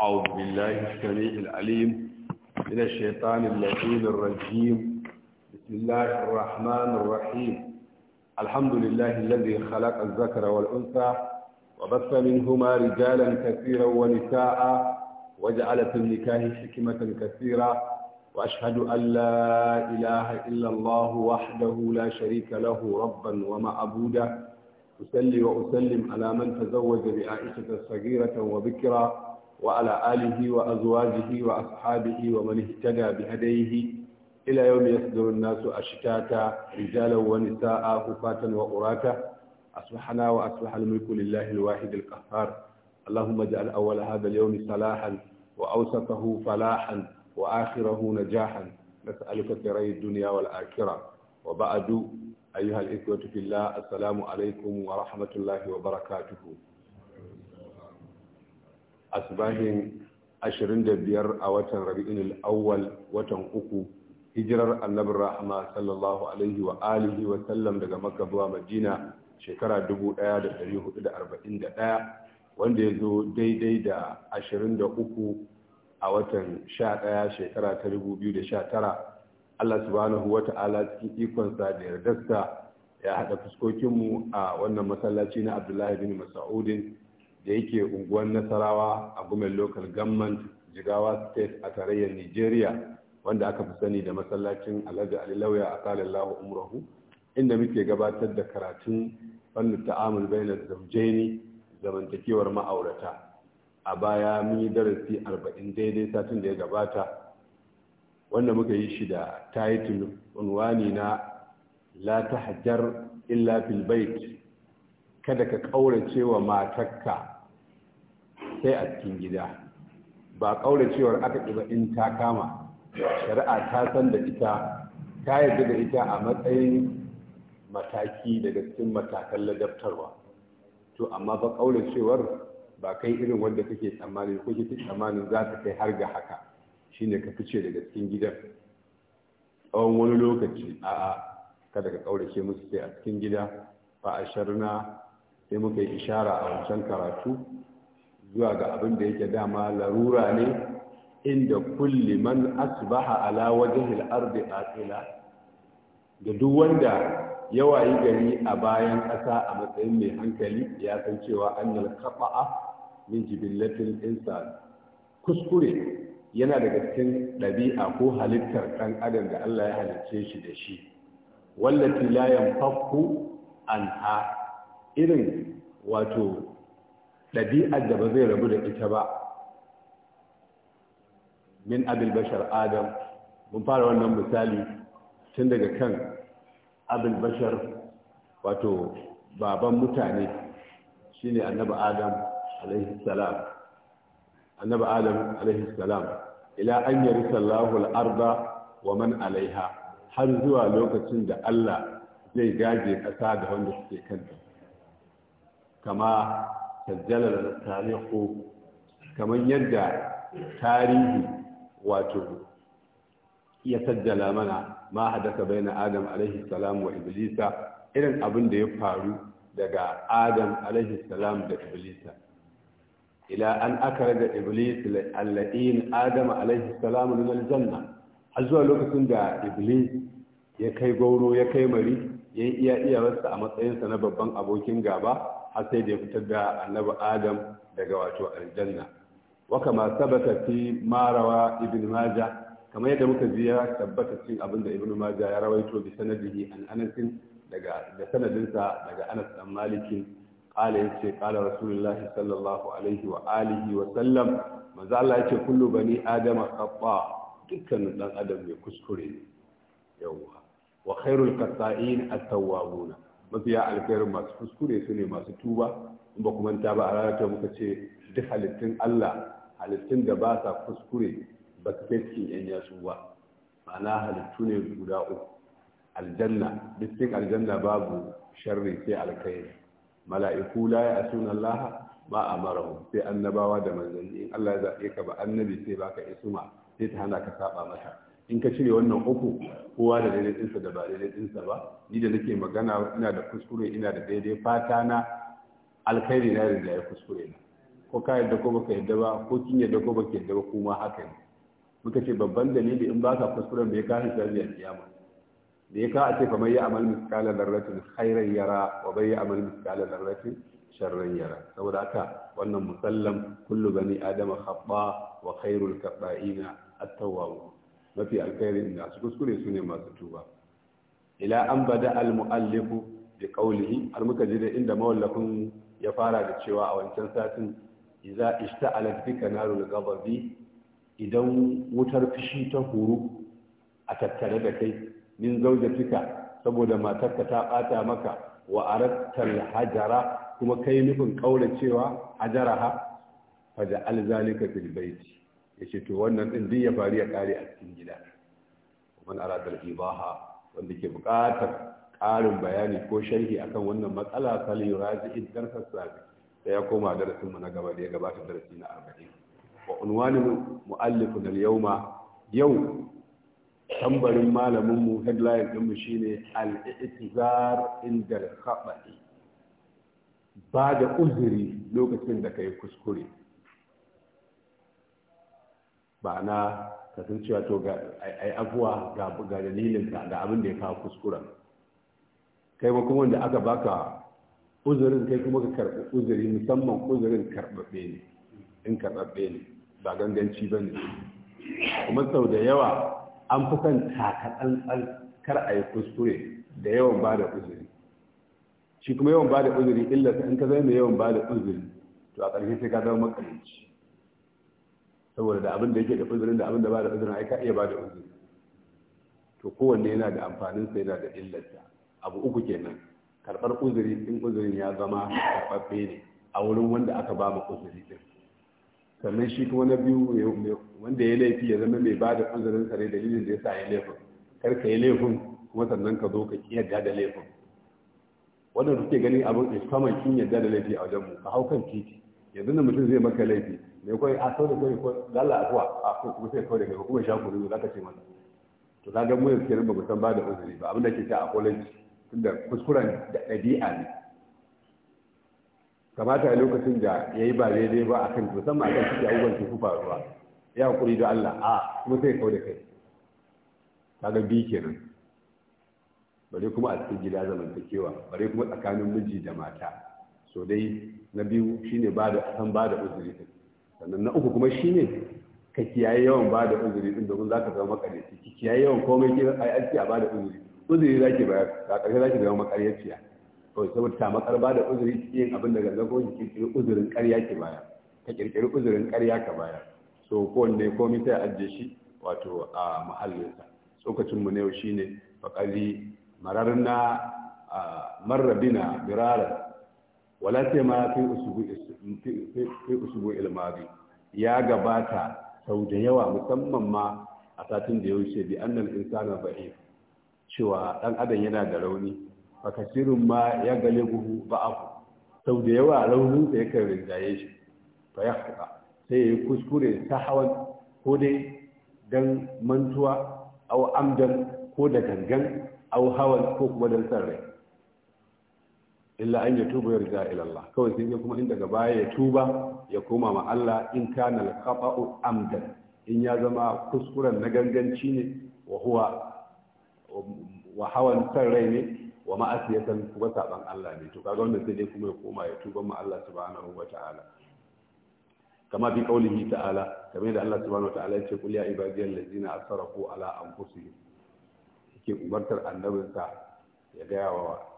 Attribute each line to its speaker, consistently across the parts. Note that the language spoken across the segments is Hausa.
Speaker 1: أعوذ بالله السميع العليم من الشيطان اللعين الرجيم بسم الله الرحمن الرحيم الحمد لله الذي خلق الذكر والأنثى وبث منهما رجالا كثيرا ونساء وجعل في النكاه حكمة كثيرة وأشهد أن لا إله إلا الله وحده لا شريك له ربا ومعبودا أسلي وأسلم على من تزوج بعائشة صغيرة وبكرة وعلى آله وأزواجه وأصحابه ومن اهتدى بهديه إلى يوم يصدر الناس أشتاتا رجالا ونساء خفاة وقراتا أصبحنا وأصبح الملك لله الواحد القهار اللهم اجعل أول هذا اليوم صلاحا وأوسطه فلاحا وآخره نجاحا نسألك خيري الدنيا والآخرة وبعد أيها الإخوة في الله السلام عليكم ورحمة الله وبركاته asbahin 25 a watan rabi'in al'awwal watan uku hijirar annabin rahama sallallahu alaihi wa alihi wa sallam daga makka zuwa madina shekara 1441 wanda ya zo daidai da 23 a watan 11 shekara ta 2019 allah subhanahu wa ta'ala cikin ikonsa da yardarsa ya haɗa fuskokinmu a wannan masallaci na abdullahi bin masa'udin da yake unguwar nasarawa a gumen local government jigawa state a tarayyar nigeria wanda aka fi sani da masallacin alhaji ali lauya a kalin lahu umrahu inda muke gabatar da karatun fannin ta'amul bainar zamjaini zamantakewar ma'aurata a baya mun yi darasi arba'in daidai satin da ya gabata wanda muka yi shi da title unwani na la tahjar illa fil bait kada ka ƙaurace wa matarka sosai a cikin gida ba ƙauracewar aka ƙi in ta kama shari'a ta san da ita ta yarda da ita a matsayin mataki daga cikin matakan ladabtarwa to amma ba ƙauracewar ba kai irin wanda kake tsammani ko kike tsammanin za ta kai har ga haka shine ka fice daga cikin gidan tsawon wani lokaci a'a kada ka ƙaurace musu sai a cikin gida ba a sharna sai muka yi ishara a wancan karatu zuwa ga abin da yake dama larura ne inda kulli man asbaha ala wajhil ardi atila da duk wanda ya wayi gari a bayan ƙasa a matsayin mai hankali ya san cewa annal qaba'a min jibillatil insan kuskure yana daga cikin ɗabi'a ko halittar ɗan adam da Allah ya halicce shi da shi wallati la yanfaku anha irin wato ɗabi'ar da ba zai rabu da ita ba min abil bashar adam mun fara wannan misali tun daga kan abil bashar wato baban mutane shine annaba adam alaihi salam annabi adam alaihi salam ila an yarisa Allahu al wa man alaiha har zuwa lokacin da Allah zai gaje ƙasa da wanda suke kanta kama sajjalar tarihu kamar yadda tarihi wato ya sajjala mana ma hadaka bai na adam alaihi salam wa iblisa irin abin da ya faru daga adam alaihi salam da iblisa ila an aka da iblis allain adam alaihi salam min aljanna har zuwa lokacin da iblis ya kai gauro ya kai mari ya iya wasu a matsayinsa na babban abokin gaba har sai da ya fitar da annabi adam daga wato aljanna wa kama sabata fi marawa ibn majah kamar yadda muka ji ya tabbata abin abinda ibn majah ya rawaito bi sanadihi an anas daga da sanadinsa daga anas dan maliki qala yace qala rasulullah sallallahu alaihi wa alihi wa sallam manzo Allah yace kullu bani adam khata dukkan dan adam mai kuskure yawa wa khairul qata'in at-tawwabuna mafiya alkhairun masu kuskure su ne masu tuba in ba kuma ta ba a ranar muka ce duk halittun Allah halittun da ba sa kuskure ba su kai yan yasu ba ma'ana halittu ne guda uku aljanna duk cikin aljanna babu sharri sai alkhairi mala'iku la ya'suna Allah ba amarahum sai annabawa da manzanni in Allah ya zabe ka ba annabi sai baka isma sai ta hana ka saba masa in ka cire wannan uku kowa da daidai ɗinsa da ba daidai ɗinsa ba ni da nake magana ina da kuskure ina da daidai fata na alkhairi na riga ya kuskure na ko ka yadda ko baka yadda ba ko kin yadda ko baka yadda ba kuma haka ne muka ce babban dalili in baka kuskuren me ka hisabi a kiyama da ka a ce kamar ya amal miskala darratin khairan yara wa bai ya amal miskala darratin sharran yara saboda haka wannan musallam kullu bani adama khata wa khairul kabaina at-tawwabun mafi alkhairi inda su kuskure su ne masu tuba ila an bada almu'allifu bi qawlihi da inda mawallafin ya fara da cewa a wancan satin idza ishta'alat bika narul ghadabi idan wutar fishi ta huru a tattare da kai min zaujatika saboda matarka ta bata maka wa arattal hajara kuma kai nufin kaula cewa hajaraha fa ja'al zalika fil baiti ya ce to wannan ɗin duk ya faru ya kare a cikin gida wani aradar ibaha wanda ke buƙatar ƙarin bayani ko sharhi akan wannan matsala fali razi idan sassafi sai ya koma darasin mu na gaba da ya gabata darasi na arba'in wa unwani mu'allifun al-yawma yau tambarin malamin mu headline ɗin mu shine al-i'tizar inda al-khata'i ba da uzuri lokacin da kai kuskure Ba ka san cewa to ga ai afuwa ga ga dalilin ka ga abin da ya kawo kuskura. kai ma kuma wanda aka baka uzurin kai kuma ka karɓi uzuri musamman uzurin karɓaɓɓe ne in karɓaɓɓe ne ba ganganci ba ne kuma sau da yawa an fi kan takaɗan kar a yi kuskure da yawan ba da uzuri shi kuma yawan ba da uzuri illarsa in ka zai mai yawan ba da uzuri to a ƙarshe sai ka zama makaranci saboda da abin da yake da uzurin da abin da ba da uzurin ai ka iya ba da uzuri to kowanne yana da amfanin sa yana da illarsa abu uku kenan karɓar uzuri in uzurin ya zama karɓaɓɓe ne a wurin wanda aka ba mu uzuri din sannan shi kuma na biyu wanda ya laifi ya zama mai ba da uzurin sa ne dalilin da ya sa ya laifin kar ka yi laifin kuma sannan ka zo ka yarda da laifin wannan suke ganin abin is common kin yarda da laifi a wajen mu ka hau kan titi yanzu da mutum zai maka laifi mai kawai a sau da kawai ko lalla afuwa a kuma sai kawai daga kuma sha kuri za ka ce mana to za ga muyin kenan ba san ba da uzuri ba abinda ke ta a college tunda kuskuren da ɗabi'a ne kamata a lokacin da ya yi ba daidai ba a kan musamman a kan cikin abubuwan teku faruwa ya hakuri da Allah a kuma sai kawai da kai ta kaga bi kenan bare kuma a cikin gida zamantakewa bare kuma tsakanin miji da mata so dai na biyu shine ba da san ba da uzuri sannan na uku kuma shine ka kiyaye yawan ba da uzuri din domin za ka zama makaryaci ki kiyaye yawan komai ke a yi a ba da uzuri uzuri za ki bayar ka ƙarshe za ki zama ya kawai saboda ta makar ba da uzuri yin abin da gangan ko ki kirkiri uzurin ƙarya ki baya. ka kirkiri uzurin ƙarya ka baya. so kowanne komai sai ajiye shi wato a mahallinsa tsokacin mu ne shine na mararna marrabina birara wala ce ma fi usubu ilmari ya gabata sau da yawa musamman ma a satin da ya wuce bi annal insana ba'i cewa dan adam yana da rauni fakasirin ma ya gale guhu ba'afu sau da yawa raunin sa yakan rinjaye shi fa ya sai ya yi kuskure ta hawan ko dai dan mantuwa au amdan ko da gangan au hawan ko kuma dan san rai illa an ya tuba yarda ila Allah kawai sai kuma in daga baya ya tuba ya koma ma Allah in kana al-qata'u amdan in ya zama kuskuren na ganganci ne wa huwa wa hawan san rai ne wa ma'asiyatan kuma saban Allah ne to kaga wannan sai dai kuma ya koma ya tuba ma Allah subhanahu wa ta'ala kama bi qaulihi ta'ala kamar da Allah subhanahu wa ta'ala ya ce qul ya ibadiyal ladzina asrafu ala anfusihim yake umartar annabinsa ya gaya wa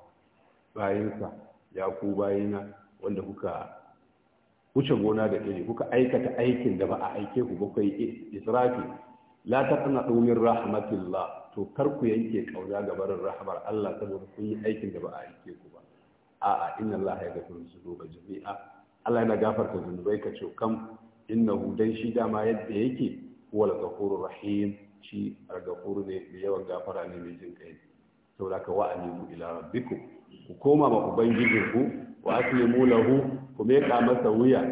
Speaker 1: bayinsa ya ku bayina wanda kuka wuce gona da iri kuka aikata aikin da ba a aike ku ba kai israfi la taqnatu min rahmatillah to kar ku yanke kauna ga barin rahmar Allah saboda kun yi aikin da ba a aike ku ba a'a inna Allah ya su ga jami'a Allah yana gafarta zunubai ka ce kam innahu dan shi dama yadda yake huwal ghafurur rahim shi al-ghafur ne mai yawan gafara ne mai jin kai saboda ka wa'ani ila rabbikum ku koma ma ku wa aslimu lahu ku meka masa wuya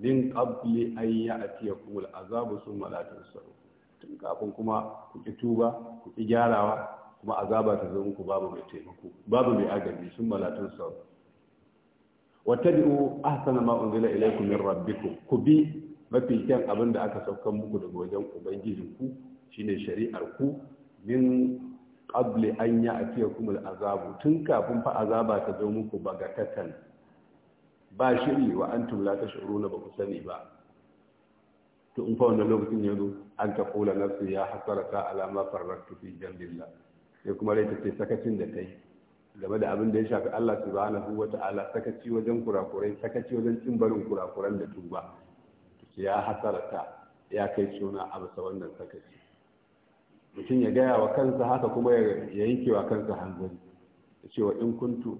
Speaker 1: min qabli an ya'tiyakum al'azabu thumma la tansaru tun kafin kuma ku ki tuba ku ki gyarawa kuma azaba ta zo muku babu mai taimako babu mai agaji sun thumma la wa wattabi'u ahsana ma unzila ilaykum min rabbikum ku bi mafi kyan abin da aka saukan muku daga wajen ubangijinku shine shari'ar ku min qabli an ya'tiyakum azabu tun kafin fa azaba ta zo muku bagatatan ba shiri wa antum la tash'uruna ba ku sani ba to in fa wannan lokacin ya zo an ta kula nafsi ya hasarata ala ma tufi fi jambillah sai kuma rai ta ce sakacin da kai game da abin da ya shafi Allah subhanahu wata'ala sakaci wajen kurakurai sakaci wajen cin barin kurakuran da tuba ya hasarata ya kai suna a bisa wannan sakaci mutum ya gaya wa kansa haka kuma ya yanke wa kansa hanzari ya ce wa in kuntu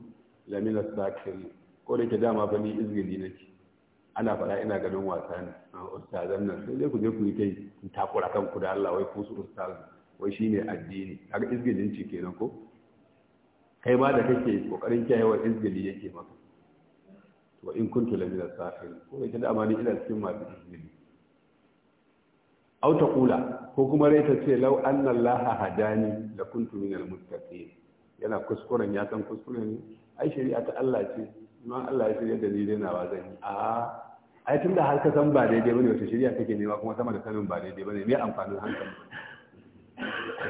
Speaker 1: lamina sakiri ko da ke dama ba ni izgili nake ana faɗa ina ganin wasa ne a ustazan nan sai dai ku je ku yi kai ku takura ku da Allah wai ku su ustaz wai ne addini kaga izgilin ci kenan ko kai ma da kake kokarin kiyayewa izgili yake maka wa in kuntu lamina sakiri ko da ke dama ni ina cikin masu izgili aw kula, ko kuma rai ta ce law anna allaha hadani da kuntu minal muttaqin yana kuskuren ya san kuskure ne ai shari'a ta Allah ce ma Allah ya shirya da ni dai nawa zan yi a ai tunda har ka san ba daidai bane wata shari'a kake nema kuma sama da sanin ba daidai bane me amfanin hankali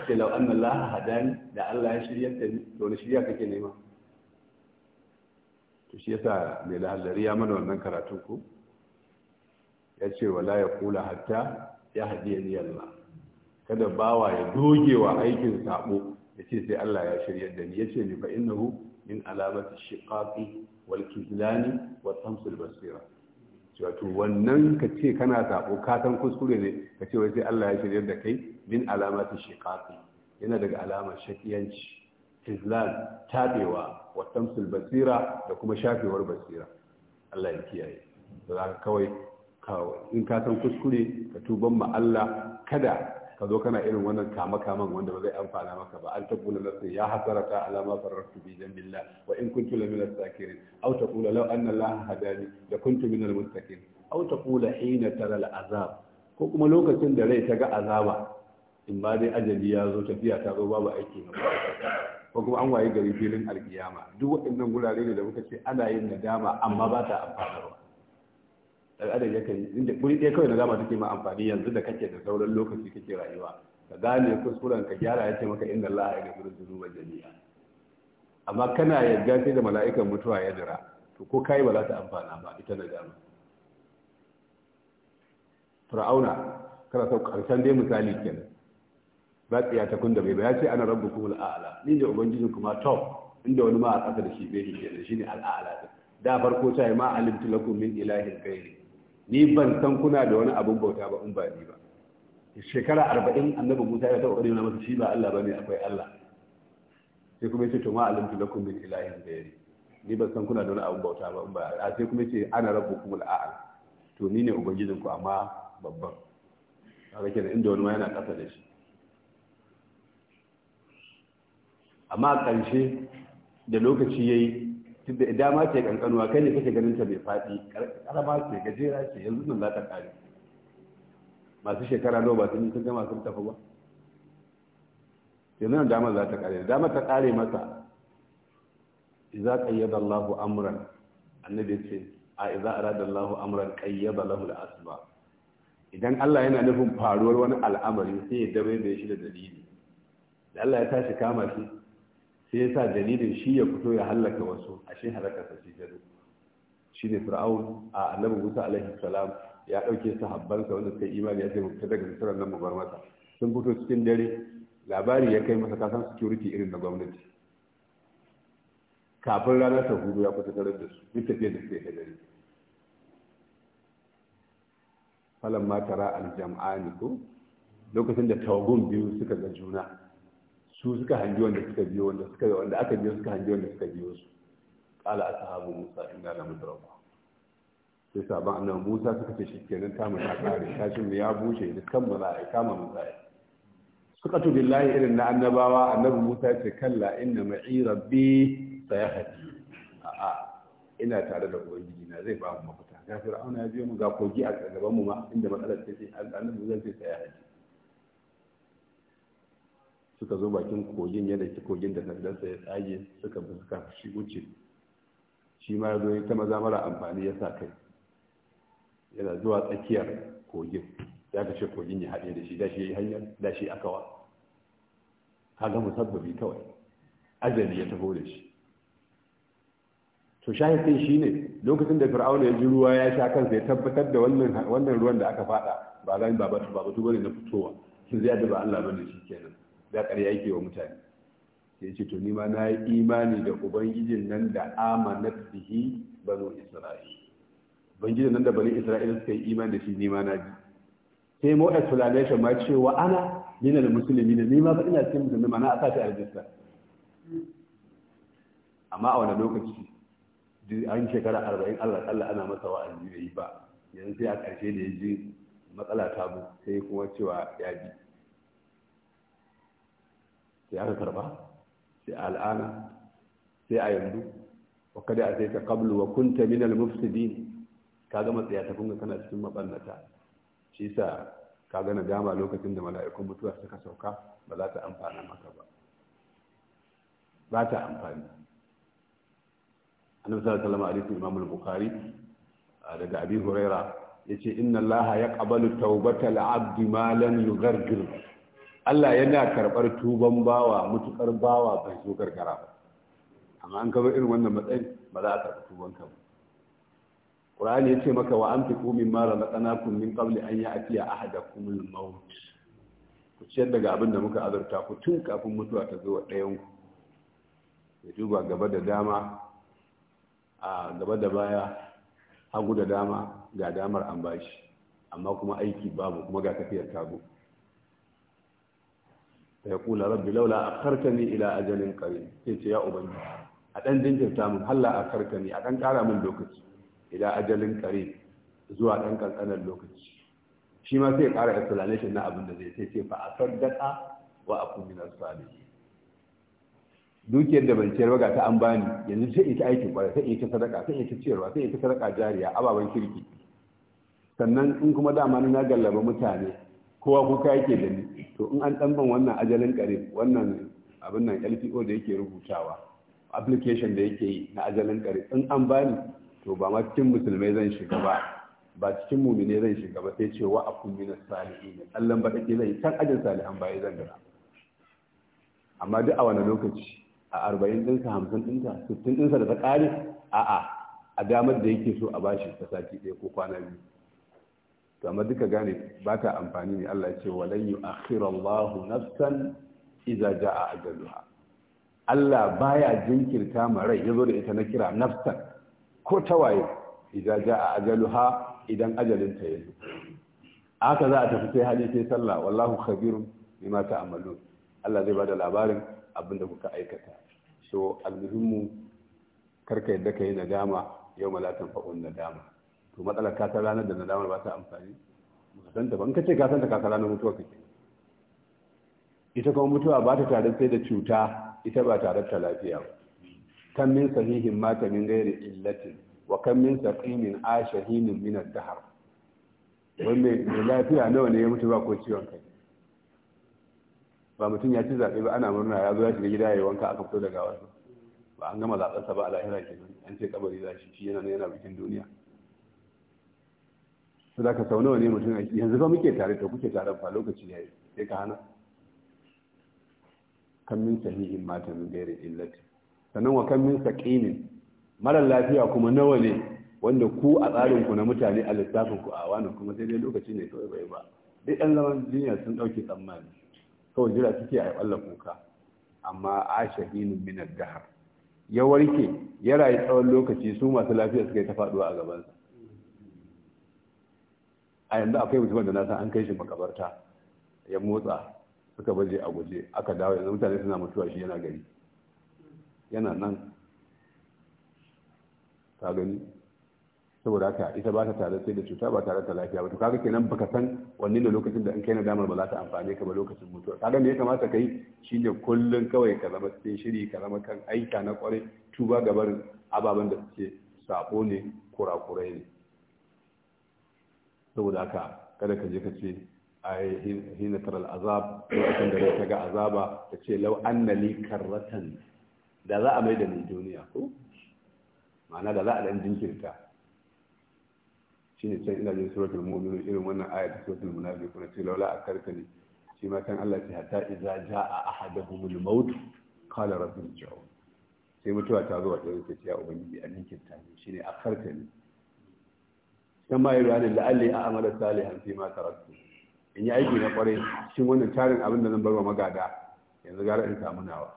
Speaker 1: ce lau anna laha hadani da Allah ya shirya da ni to ne shari'a kake nema to shi yasa mai lahallari ya mana wannan karatun ku ya ce wala ya kula hatta ya ni Allah kada bawa ya dogewa aikin sabo ya ce sai Allah ya shirya da ni ya ce ni fa innahu min alamati shiqaqi wal kizlani wa tamsul basira wato wannan ka ce kana sabo ka san kuskure ne ka ce wai sai Allah ya shirya da kai min alamati shiqaqi yana daga alamar shakiyanci kizlan tabewa wa tamsul basira da kuma shafewar basira Allah ya kiyaye ka kawai in ka san kuskure ka tuban ma Allah kada ka zo kana irin wannan kama kaman wanda ba zai amfana maka ba an taqula nafsi ya hasarata ala ma farartu bi jambillah wa in kuntu la min as-sakirin aw taqula law anna Allah hadani la kuntu min al-muttaqin aw taqula hina tara al-azab ko kuma lokacin da rai ta ga azaba in ba dai ajali ya zo tafiya ta zo babu aiki na ko kuma an waye gari filin alkiyama duk waɗannan gurare ne da muka ce ana yin nadama amma ba ta amfanarwa al'adar ya kai, inda kuri ɗaya kawai na zama suke ma amfani yanzu da kake da sauran lokaci kake rayuwa ka gane kuskuren ka gyara ya ce maka inda Allah ya gafiru dhunuba jami'a amma kana yarda sai da mala'ikan mutuwa ya jira to ko kai ba za ta amfana ba ita na dama fir'auna kana sau karshen dai misali kenan ba tsiya ta kunda bai ba ya ce ana kuma al'ala ni da ubangijin kuma top inda wani ma a ƙasa da shi bai shi ne al'a'la da farko ta yi ma alimtu lakum min ilahin ghairi ni ban san kuna da wani abin bauta ba in ba ni ba shekara arba'in annabi musa ya taɓa ƙarfi na masa shi ba allah ba ne akwai allah sai kuma yace to ma alimtu lakum min ilahin ghairi ni ban san kuna da wani abin bauta ba in ba a sai kuma yace ana rabbukum al'a'al to ni ne ubangijin ku amma babban haka kenan inda wani ma yana ƙasa da shi amma a ƙarshe da lokaci yayi tunda dama ce kankanuwa kai ne kake ganin ta mai faɗi karama ce gajera ce yanzu nan za ta kare masu shekara nawa ba sun yi sun gama sun tafi ba yanzu nan dama za ta kare dama ta kare masa idza qayyada Allahu amran annabi ce a idza arada Allahu amran qayyada lahu al asba idan Allah yana nufin faruwar wani al'amari sai ya dabe mai shi da dalili da Allah ya tashi kama shi sai ya sa dalilin shi ya fito ya hallaka wasu a ashe halakarsa shi gado shi ne fir'aun a annabi musa alaihi salam ya ɗauke habbansa wanda suka imani ya ce mu fita daga nasarar nan mabar bar masa sun fito cikin dare labari ya kai masa kasan security irin na gwamnati kafin ranar ta hudu ya fita tare da su duk tafiya da suke yi dare Falon makara tara aljam'ani ko lokacin da tawagun biyu suka ga juna su suka hangi wanda suka biyo wanda suka wanda aka biyo suka hangi wanda suka biyo su qala ashabu musa inna la mudraku sai sabon annabi musa suka ce shi kenan ta mu ta kare kashin ya bushe dukkan mu za a kama mu za a suka tu billahi irin na annabawa annabi musa ya ce kalla inna ma'i rabbi sayahdi a'a ina tare da ubangiji na zai ba mu mafita ga fir'auna ya biyo mu ga kogi a gaban mu ma inda matsalar take annabi musa ya ce sayahdi suka zo bakin kogin yadda ke kogin da sandansa ya tsage suka fuska shi wuce shi ma ya zo ta maza mara amfani ya sa kai yana zuwa tsakiyar kogin ya ka ce kogin ya haɗe da shi da shi ya yi hanyar da shi aka wa ga musabbabi kawai ajali ya taho da shi to shahidin shi ne lokacin da fir'auna ya ji ruwa ya sha kansa ya tabbatar da wannan ruwan da aka fada ba ran ba ba batu bane na fitowa sun zai da ba Allah bane shi kenan da ƙarya yake wa mutane sai ce to nima na yi imani da ubangijin nan da amanat bihi banu isra'il ubangijin nan da banu isra'il suka yi imani da shi nima na ji sai mu explanation ma cewa ana min al-muslimin ne nima ba ina cikin musulmi ma na asa ta aljista amma a wani lokaci an shekara arba'in allah allah ana masa wa'azi bai yi ba yanzu sai a ƙarshe da ya ji matsala ta bu sai kuma cewa ya bi sai aka karba sai al'ana sai a yanzu wa kada a sai ta qablu wa kunta min al-mufsidin kaga matsaya ta kunga kana cikin mabannata shi yasa kaga na dama lokacin da mala'ikun mutuwa suka sauka ba za ta amfana maka ba ba ta amfani annabi sallallahu alaihi wasallam imam al-bukhari daga abi huraira yace inna allaha yaqbalu tawbatal abdi ma lam yughargir Allah yana karɓar tuban bawa mutukar bawa bai zo gargara ba amma an kaba irin wannan matsayin ba za a karɓi tuban ka ba Qur'ani yace maka wa anfiqu mimma razaqnakum min qabli an ya'tiya ahadakum al-maut ku ciyar daga abin da muka azurta ku tun kafin mutuwa ta zo wa ɗayan ku ya duba gaba da dama a gaba da baya hagu da dama ga damar an bashi amma kuma aiki babu kuma ga tafiyar tago ya kula rabbi laula akartani ila ajalin qarib sai ce ya ubangi a dan jinkirta mun halla akartani a dan kara min lokaci ila ajalin qarib zuwa dan kankanan lokaci shi ma sai ya kara explanation na abin da zai sai ce fa asaddaqa wa aku min as-salihin dukiyar da ban ciyar ba ga ta an bani yanzu sai ita aikin kwarai sai ita sadaka sai ita ciyarwa sai ita sadaka jariya ababen kirki sannan in kuma dama na gallaba mutane kowa kuka yake da ni to in an ɗanban wannan ajalin kare wannan abin nan lpo da yake rubutawa application da yake yi na ajalin kare in an bani to ba ma cikin musulmai zan shiga ba ba cikin mumine zan shiga ba sai cewa a kumminan salihi ne tsallan ba ɗake zai yi can ajin salihan baya zan gara amma duk a wani lokaci a arba'in ɗinsa hamsin ɗinsa sittin ɗinsa da ta ƙare a'a a damar da yake so a bashi ta sati ɗaya ko kwana biyu to amma duka gane ba ta amfani ne Allah ya ce yu'akhiru Allahu nafsan idza jaa ajaluha Allah baya jinkirta ma rai yazo da ita na kira nafsan ko tawaye idza jaa ajaluha idan ajalin ta yazo aka za a tafi sai hali sai sallah wallahu khabirun bima ta'malun Allah zai bada labarin abin da kuka aikata so almuhimmu karka yadda kai nadama yau la fa'un nadama to matsalar ka san ranar da nadamar ba ta amfani ba san ta ba in ka ce ka san ta ka san ranar mutuwa kake ita kuma mutuwa ba ta tare sai da cuta ita ba tare da lafiya ba kan min sahihin mata min gairi illati wa kan min saqimin ashahinin min ad-dahr Wai me lafiya nawa ne ya mutu ba ko ciwon kai ba mutum ya ci zaɓe ba ana murna ya zo ya shiga gida ya yi wanka aka fito daga wasu ba an gama zaɓensa ba a lahira kenan an ce kabari za shi shi yana yana bikin duniya su da ka sau nawa ne mutum aiki yanzu ba muke tare da kuke tare ba lokaci ya yi sai ka hana kan min sahihin mata min gairi illati sannan wa kan min saƙinin. mara lafiya kuma nawa ne wanda ku a tsarin ku na mutane a lissafin ku a wani kuma sai dai lokaci ne kawai bai ba duk ɗan zaman jinya sun ɗauke tsammani kawai jira suke a yi kuka amma a shahinin minar dahar ya warke ya rayu tsawon lokaci su masu lafiya suka yi ta faɗuwa a gabansa a yanzu akwai mutumin da na san an kai shi makabarta ya motsa suka baje a guje aka dawo yanzu mutane suna mutuwa shi yana gari yana nan ta gani saboda haka ita ba ta tare sai da cuta ba tare da lafiya ba to kaga kenan baka san wanne ne lokacin da in kai na damar ba za ta amfane ka ba lokacin mutuwa kaga me ya kamata kai shine kullun kawai ka zama cikin shiri ka zama kan aika na kware tuba gabar ababen da suke sabo ne kurakurai ne saboda haka kada ka je ka ce ai hina taral azab lokacin da ka ga azaba ka ce lau annali karratan da za a mai da ni duniya ko ma'ana da za a dan jinkirta shine can ina jin suratul mu'minun irin wannan ayat suratul munafiqun ce lau laula akarkani shi ma kan Allah ce hatta idza jaa ahaduhumul maut qala rabbi ij'al sai mutuwa ta zo a ɗaya ta ce ya ubangiji an jinkirta ne shine akarkani dan ma yaro ne la'alli a amala salihan fi ma taraktu in yi aiki na kwarai shin wannan tarin abin da zan barwa magada yanzu gara in samu nawa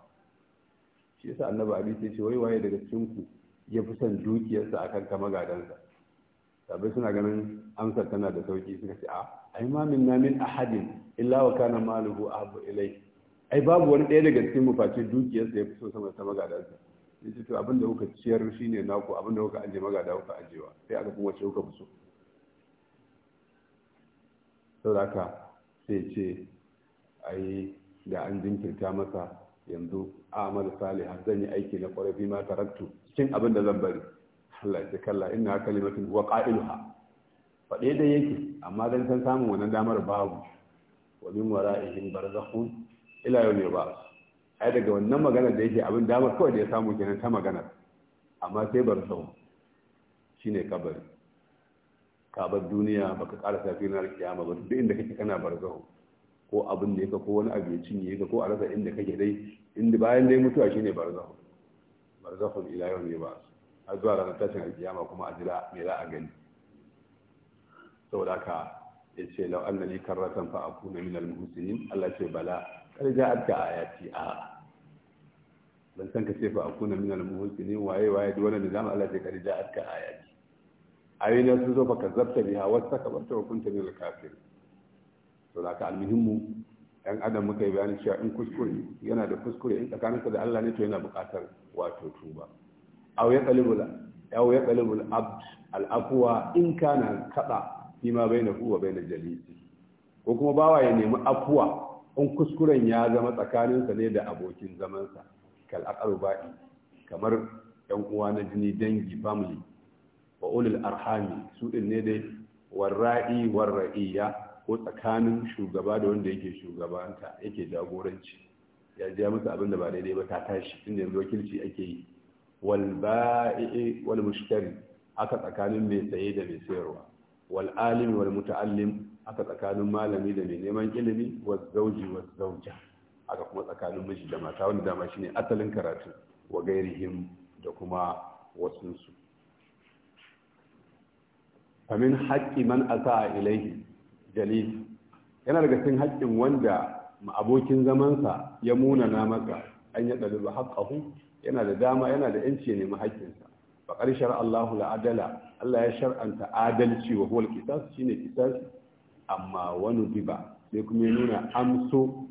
Speaker 1: shi yasa annabi abi sai ce wai waye daga cikin ku ya fi son dukiyarsa akan ta magadansa sabai suna ganin amsar tana da sauki suka ce a ai ma min namin ahadin illa wa kana maluhu abu ilai ai babu wani ɗaya daga cikin mu face dukiyarsa ya fi so sama ta magadansa ya to abinda kuka ciyar shi ne naku abinda kuka aje magada kuka ajewa sai aka kuma ce kuka fi so saboda sai ce ai da an jinkirta masa yanzu amal salih zan yi aiki na ƙorafi ma taraktu cikin abin da zan bari Allah ya kalla ina kalimatin wa qa'iluha faɗe da yake amma dan san samun wannan damar babu wa min wara'ihim barzakhun ila yawmi ba'ath ai daga wannan maganar da yake abin damar kawai da ya samu kenan ta maganar amma sai bar sau shine kabari kabar duniya baka ƙara safi na kiyama ba duk inda kake kana bar ko abin da yake ko wani abu ya cinye ka ko a rasa inda kake dai inda bayan dai mutuwa shine bar sau bar sau ila yau ne ba a zuwa ranar tashin ma kuma a jira me za a gani saboda haka yace lau annani karratan fa akuna min al-muhsinin Allah ce bala kar ya ayati a ban san ka ce fa akuna min al ne waye waye duk wani nizam Allah ce kar ja'atka ayati ne sun zo fa kazzabta biha wastakbarta wa kunta min al-kafir to da ka almuhimmu yan adam muka yi bayani cewa in kuskure yana da kuskure in tsakaninsa da Allah ne to yana buƙatar wato tuba aw ya qalibul aw ya qalibul abd al-afwa in kana kada fima bainahu wa bainal jalisi ko kuma bawa ya nemi afuwa in kuskuren ya zama tsakaninsa ne da abokin zamansa kal aqrba'i kamar yan uwa na jini dangi family wa ulul arhami su din ne dai warra'i warra'iya ko tsakanin shugaba da wanda yake shugabanta yake jagoranci ya ji masa abin da ba daidai ba ta tashi inda yanzu wakilci ake yi wal ba'i wal mushtari haka tsakanin mai saye da mai sayarwa wal alim wal muta'allim aka tsakanin malami da mai neman ilimi wa zauji wa zauja aka kuma tsakanin miji da mata wanda dama shi ne asalin karatu wa gairihim da kuma wasunsu famin haƙƙi man asa ilaihi jalil yana daga cikin haƙƙin wanda abokin zamansa ya munana masa an ya ɗalibi haƙƙahu yana da dama yana da ‘yanci ya nemi haƙƙinsa faƙar Allahu la'adala Allah ya shar'anta adalci wa huwal shi shine kisasi amma wani diba sai kuma ya nuna amso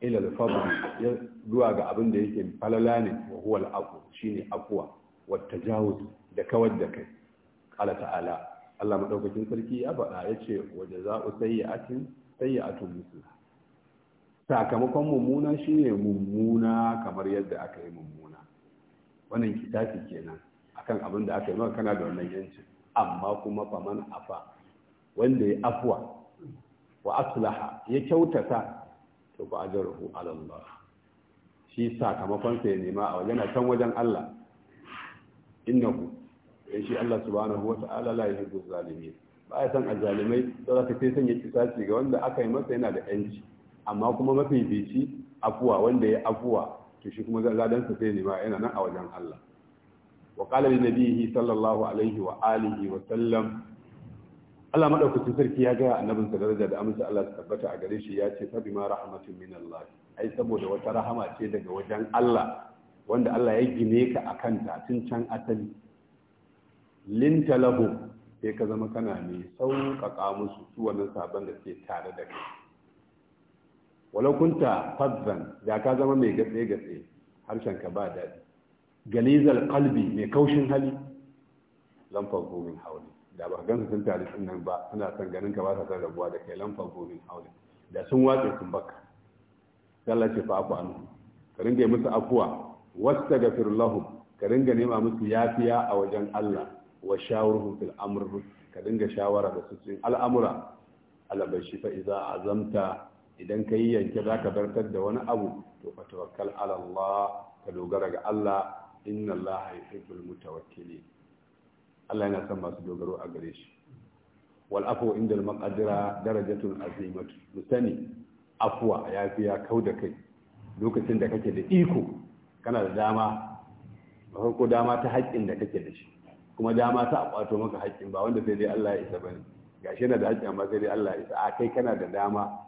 Speaker 1: ilal fadl ya zuwa ga abin da yake falala ne wa huwa al shi ne akuwa wata tajawuz da kawar da kai ala ta'ala Allah madaukakin sarki ya faɗa ya ce yace wa sai ya tun musu. sakamakon mummuna shine mummuna kamar yadda aka yi mummuna wannan kitafi kenan akan abin da aka yi maka kana da wannan yancin amma kuma faman afa wanda ya afwa wa aslaha ya kyautata to ba ajruhu ala Allah shi sakamakon sa ya nema a wajen can wajen Allah innahu dan eh, shi Allah subhanahu wa ta'ala la yuhibbu zalimin ba ya san azalimai to zaka sai sanya kisasi ga wanda aka yi masa yana da yanci amma kuma mafi bici afuwa wanda ya afuwa to shi kuma zadan sa sai nema yana nan a wajen Allah wa qala li nabiyhi sallallahu alaihi wa alihi wa sallam Allah madaukakin sarki ya ga annabin sa daraja da amince Allah ta tabbata a gare shi ya ce fa bima rahmatin min Allah ai saboda wata rahama ce daga wajen Allah wanda Allah ya gine ka akan ta tun can asali linta lahu sai ka zama kana ne sauƙaƙa musu su wannan sabon da ke tare da kai walau kunta fazzan da ka zama mai gatse gatse harshen ka ba daɗi galizal kalbi mai kaushin hali lamfar min hauli da ba gansu sun tare sun nan ba suna son ganin ka ba ta san rabuwa da kai lamfa gomin aure da sun watsa sun baka Allah ce fa ku anu ka ringa musu afuwa wastaghfir ka ringa nema musu yafiya a wajen Allah wa shawaruhu fil amr ka dinga shawara da su cikin al'amura alabashi fa iza azamta idan ka yi yanke za ka bartar da wani abu to fa tawakkal ala Allah ka dogara ga Allah inna Allah yuhibbul mutawakkilin Allah yana son masu dogaro a gare shi wal afwa inda al maqdira darajatun azimatu musani afwa ya kau da kai lokacin da kake da iko kana da dama farko dama ta haƙƙin da kake da shi kuma dama ta akwato maka haƙƙin ba wanda sai dai Allah ya isa bane gashi yana da haƙƙi amma sai dai Allah ya isa a kai kana da dama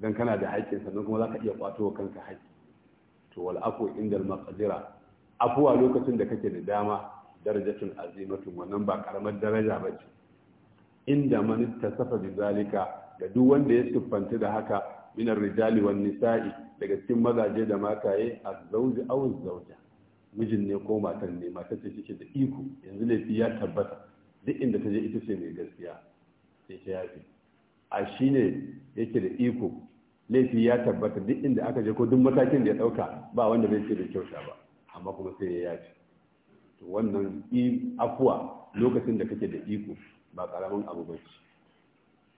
Speaker 1: dan kana da haƙƙin sannan kuma zaka iya kwato kanka haƙƙi to wal afu inda al maqdira afwa lokacin da kake da dama darajatun azimatun wannan ba karamar daraja ba ce inda man tasafa bi zalika da duk wanda ya tuffanta da haka minar rijali wan nisa'i daga cikin mazaje da mataye az-zawji aw az-zawja mijin ne ko matar ne matar ce take da iko yanzu laifi ya tabbata duk inda ta je ita ce mai gaskiya sai ta yafi a shine yake da iko laifi ya tabbata duk inda aka je ko duk matakin da ya dauka ba wanda bai ce da kyauta ba amma kuma sai ya yafi wannan afuwa lokacin da kake da iko ba karamin abu ba ce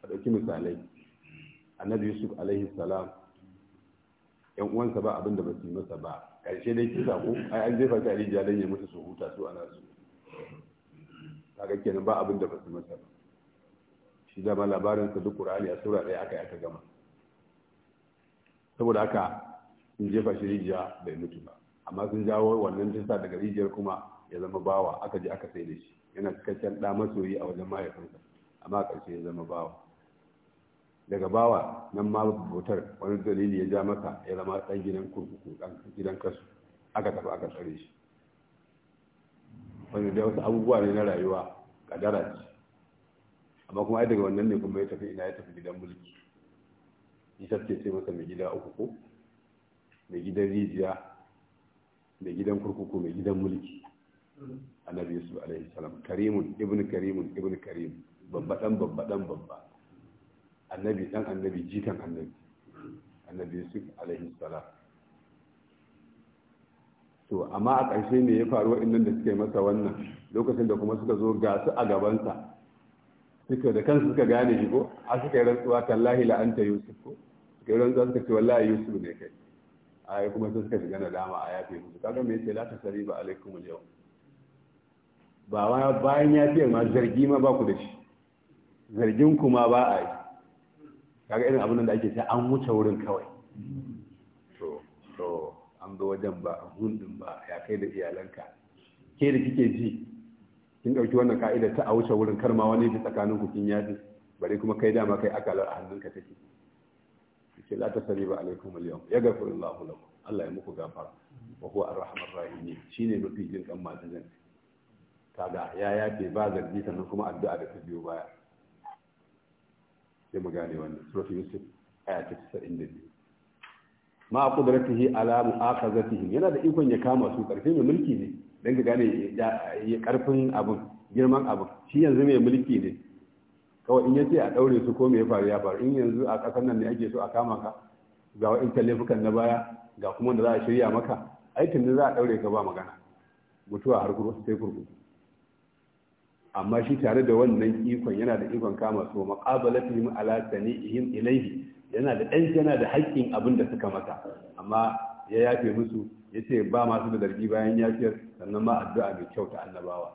Speaker 1: a ɗauki misalai annabi yusuf alaihi salam yan uwansa ba abin da ba su yi masa ba ƙarshe dai kisa ko ai an jefa shi a rijiya don ya mutu su huta su ana su kaga kenan ba abin da ba su yi masa ba shi dama labarinsa duk ƙur'ani a sura ɗaya aka yi aka gama saboda haka sun jefa shi rijiya bai mutu ba amma sun jawo wannan jinsa daga rijiyar kuma ya zama bawa aka je aka sai da shi yana cikakken ɗa masoyi a wajen mahaifinsa amma a ƙarshe ya zama bawa daga bawa nan ma bautar wani dalili ya ja masa ya zama ɗan gidan kurkuku ɗan gidan kasu aka tafi aka tsare shi wani da wasu abubuwa ne na rayuwa kadara ce amma kuma ai daga wannan ne kuma ya tafi ina ya tafi gidan mulki isa ce sai masa mai gida uku ko mai gidan rijiya mai gidan kurkuku mai gidan mulki annabi yusuf alaihi salam karimun ibn karimun ibn karim babba dan babba dan babba annabi dan annabi jikan annabi annabi yusuf alaihi salam to amma a ƙarshe ne ya faru waɗannan da suka yi masa wannan lokacin da kuma suka zo ga su a gabansa suka da kansu suka gane shi ko a suka yi rantsuwa tallahi la'anta yusuf ko suka yi rantsuwa suka ce wallahi yusuf ne kai ai kuma sai suka shiga nadama a yafe musu kaga me yace la tasriba alaikum al-yawm ba bayan ya fiye ma zargi ma ba ku da shi zargin ma ba a yi kaga irin abin da ake sai an wuce wurin kawai to to an zo wajen ba a hundun ba ya kai da iyalanka ke da kike ji kin ɗauki wannan ka'ida ta a wuce wurin kar ma wani bi tsakanin ku kin yaji bare kuma kai dama kai akalar a hannunka take ke la tasari ba alaikum al-yawm yaghfirullahu lakum Allah ya muku gafara wa huwa ar ar rahim shine mafi jin kan masu kaga ya yafe ba zargi sannan kuma addu'a da ta biyo baya sai mu gane wannan suratul yusuf aya ta 92 ma qudratihi ala mu'akhazatihim yana da ikon ya kama su karfi mai mulki ne dan ka gane ya karfin abu, girman abu. shi yanzu mai mulki ne kawai in yace a daure su ko me ya faru ya faru in yanzu a kasan nan ne ake so a kama ka ga wa'in laifukan na baya ga kuma da za a shirya maka aikin da za a daure ka ba magana mutuwa har kurkuku sai kurkuku amma shi tare da wannan ikon yana da ikon kama su maqabalatihim ala ihim ilaihi" yana da ɗan yana da haƙƙin abin da suka mata. amma ya yafe musu ya ce ba masu da zargi bayan yafiyar sannan ma addu'a mai kyau ta annabawa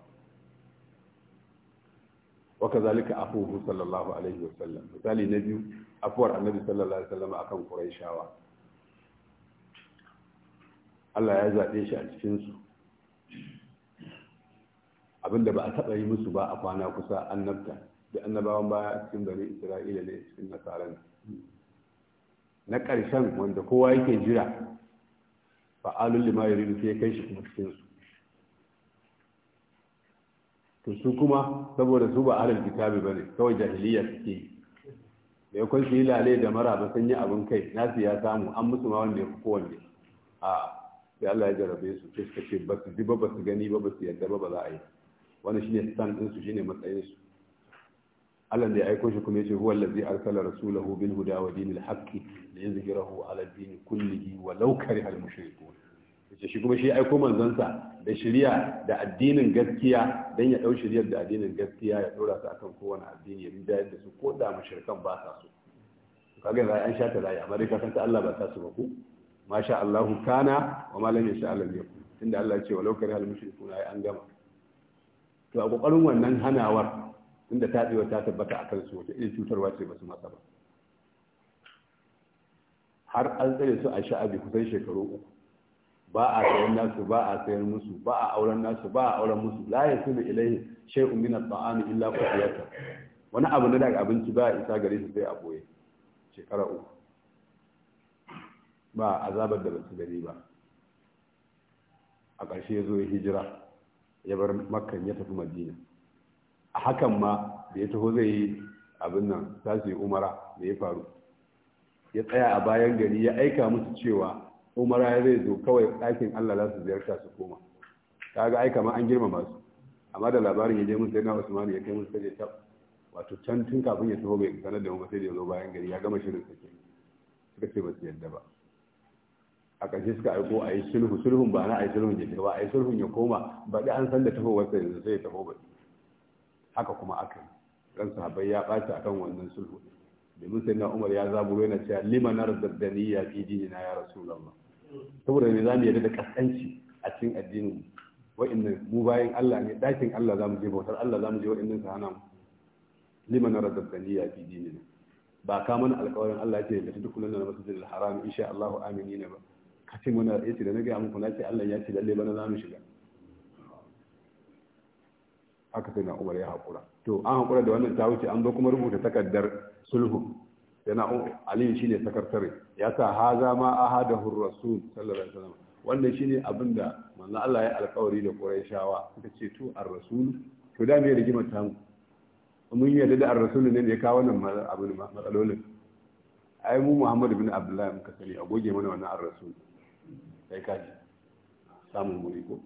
Speaker 1: waka zalika afuhu sallallahu alaihi wa sallam misali na biyu afuwar annabi sallallahu alaihi wa sallam akan quraishawa Allah ya zaɓe shi a cikinsu abinda ba a taɓa yi musu ba a kwana kusa annabta da annabawan baya a cikin bari isra'ila ne cikin nasaran na ƙarshen wanda kowa yake jira ba fa'alun lima rinu sai kai shi kuma cikin su to su kuma saboda su ba halin kitabi bane kawai jahiliya suke yi da yakon su yi lale da mara ba sun yi abin kai nasu ya samu an musu ma wanda ya fi kowanne a sai Allah ya jarabe su sai suka ce ba su ji ba su gani ba ba su yadda ba ba za a yi wani shine stand din su shine matsayin su Allah da ya aiko shi kuma yace huwa allazi arsala rasulahu bil huda wa dinil haqqi li yuzhirahu ala din kullihi wa law kariha al mushrikun yace shi kuma shi aiko manzansa da shari'a da addinin gaskiya dan ya dau shari'ar da addinin gaskiya ya dora su akan kowane addini ya rinda da su ko da mushrikan ba sa so kaga yanzu an shata rayi amma dai kasan ta Allah ba ta su ba ku masha Allah kana wa ma lam yasha Allah yakun tunda Allah ya ce walau kare al mushrikuna ai an gama to a kokarin wannan hanawar inda ta tsewa ta tabbata a kansu wata irin cutarwa ce ba su masa ba har an tsare su a sha'abi kusan shekaru uku ba a sayan nasu ba a sayan musu ba a auren nasu ba a auren musu la yasulu ilayhi shay'un min at-ta'ami illa qutiyata wani abu na daga abinci ba a isa gare su sai a boye shekara uku ba azabar da ba su gari ba a ƙarshe ya zo ya hijira ya bar makkan ya tafi madina a hakan ma da ya taho zai yi abin nan za yi umara da ya faru ya tsaya a bayan gari ya aika musu cewa umara ya zai zo kawai ɗakin allah za su ziyarta su koma kaga aika ma an girmama su amma da labarin ya je musu sai na usmani ya kai musu sai ta wato can tun kafin ya taho bai sanar da mu sai da ya zo bayan gari ya gama shirin sake suka ce ba su yadda ba a ƙarshe suka aiko a yi sulhu sulhun ba na a yi sulhun ya ba a yi sulhun ya koma ba da an san da taho wasa yanzu sai ya taho ba haka kuma aka yi ran sahabbai ya ɓaci akan wannan sulhu domin sai na umar ya zabu zaburo yana cewa lima na razzardani ya fi dinina ya rasulallah saboda ne za mu yarda da kaskanci a cikin addinin wa'annan mu bayan Allah ne ɗakin Allah za mu je bautar Allah za mu je wa'annan sa hana mu liman razzaqani ya fi dinina ba ka mana alƙawarin Allah ce da duk kullun na masjidil haram insha amini ne ba ka ce muna ya ce da na gaya muku na ce Allah ya ce lalle bana za mu shiga haka sai na Umar ya haƙura to an haƙura da wannan ta wuce an zo kuma rubuta takardar sulhu yana Ali shine sakatare ya sa haza ma ahadahu rasul sallallahu alaihi wasallam wannan shine abin da manzo Allah ya alƙawari da Qurayshawa suka ce to ar-rasul to da me rigima ta mu mun yi da ar-rasul ne ya kawo wannan abin matsalolin ai mu Muhammad bin Abdullah muka sani a goge mana wannan ar-rasul kai kaji samun muri ko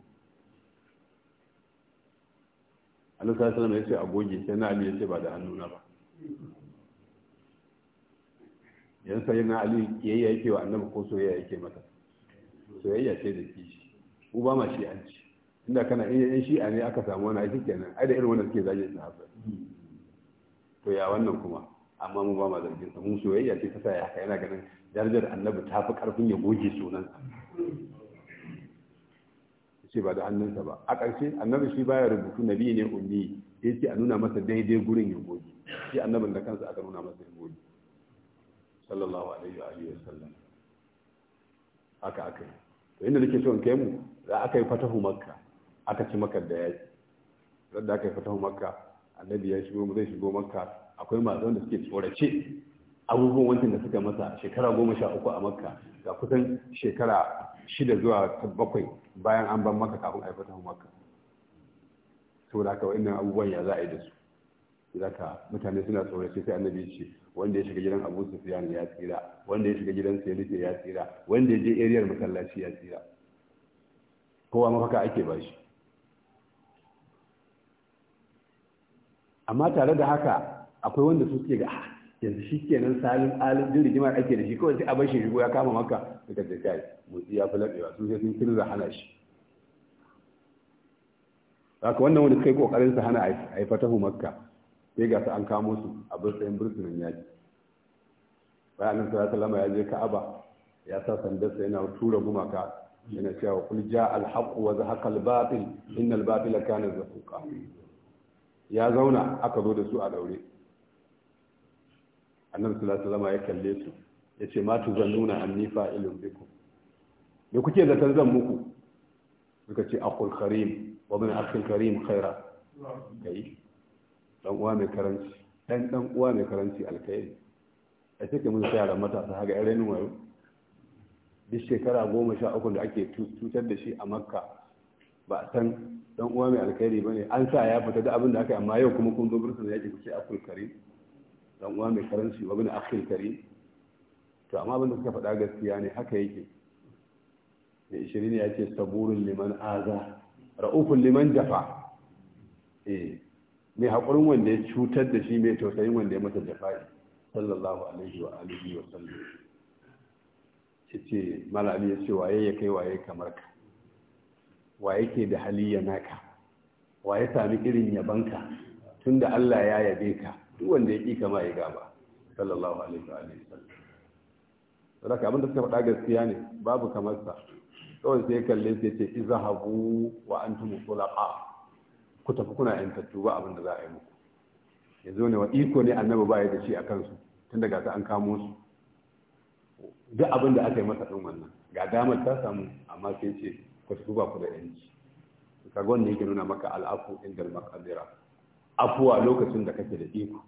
Speaker 1: annabi sallallahu alaihi yace ya ce sai na ali ya ce ba da hannuna ba yan sai na ali yayya yake wa annabi ko soyayya yake mata soyayya ce da kishi ku ba ma shi anci inda kana iya yan shi'a ne aka samu wani aiki kenan ai da irin wanda suke zage sahabbai to ya wannan kuma amma mu ba ma zargin sa mu soyayya ce ta sa ya haka yana ganin darajar annabi ta fi karfin ya goge sunansa ce ba da hannunsa ba a ƙarshe annabi shi baya rubutu nabi ne ummi ya ce a nuna masa daidai gurin ya goge shi annabin da kansa aka nuna masa ya goge sallallahu alaihi wa alihi wasallam haka aka yi to inda nake so in kai mu za aka yi fatahu makka aka ci makka da yaki da aka yi fatahu makka annabi ya shigo mu zai shigo makka akwai masu wanda suke tsorace abubuwan wancan da suka masa shekara goma sha uku a makka ga kusan shekara shida zuwa bakwai bayan an ban maka kafin aifata makka saboda haka wa'annan abubuwan ya za a yi da su zaka mutane suna tsoro sai annabi ce wanda ya shiga gidan abu sufyan ya tsira wanda ya shiga gidan sayyid ya tsira wanda ya je ariyar masallaci ya tsira kowa mafaka ake ba shi amma tare da haka akwai wanda su suke ga ah, yanzu shi kenan salin alin din rigimar ake da shi kawai sai a bashi shigo ya kama maka daga da kai motsi ya fi laɓewa sun sai sun kirza hana shi haka wannan wani kai kokarin sa hana a yi fatahu makka sai ga su an kamo su a birtsayin yaki yaji bayan nan su ya ya je ka'aba ya sa sandarsa yana tura gumaka yana cewa kul ja al wa zahaqa batil innal batila kana ya zauna aka zo da su a daure annabi sallallahu alaihi wasallam ya kalle su yace ma zannuna anni fa'ilun bikum me kuke da zan muku suka ce aqul karim wa min akhil karim khaira kai dan uwa mai karanci dan dan uwa mai karanci alkai a cikin mun sai matasa haga yan renin wayo duk shekara goma sha uku da ake cutar da shi a makka ba a san dan uwa mai alkhairi bane an sa ya fita da abin da aka yi amma yau kuma kun zo bursun yaki kuke aqul karim dan uwa mai karanci wa bin akhil karim to amma abin da suka faɗa gaskiya ne haka yake ne ishirin ya ce saburin liman aza ra'ufun liman jafa eh mai haƙurin wanda ya cutar da shi mai tausayin wanda ya masa jafa'i sallallahu alaihi wa alihi wa sallam ce malami ya ce waye ya kai waye kamar ka waye ke da hali ya naka waye sami irin yabanka tunda Allah ya yabe ka duk wanda ya ƙi kama ya gaba sallallahu alaihi wa sallam saboda abin da suka faɗa gaskiya ne babu kamar sa kawai sai kalle sai ce izhabu wa antum khulaqa ku tafi kuna yin ba abin da za a yi muku yanzu ne wa iko ne annabi ba ya da shi a kansu tun daga ta an kamo su duk abin da aka yi masa ɗin wannan ga damar ta samu amma sai ce ku tafi ba ku da yanci kaga wannan yake nuna maka al'afu indal maqdira afuwa lokacin da kake da iko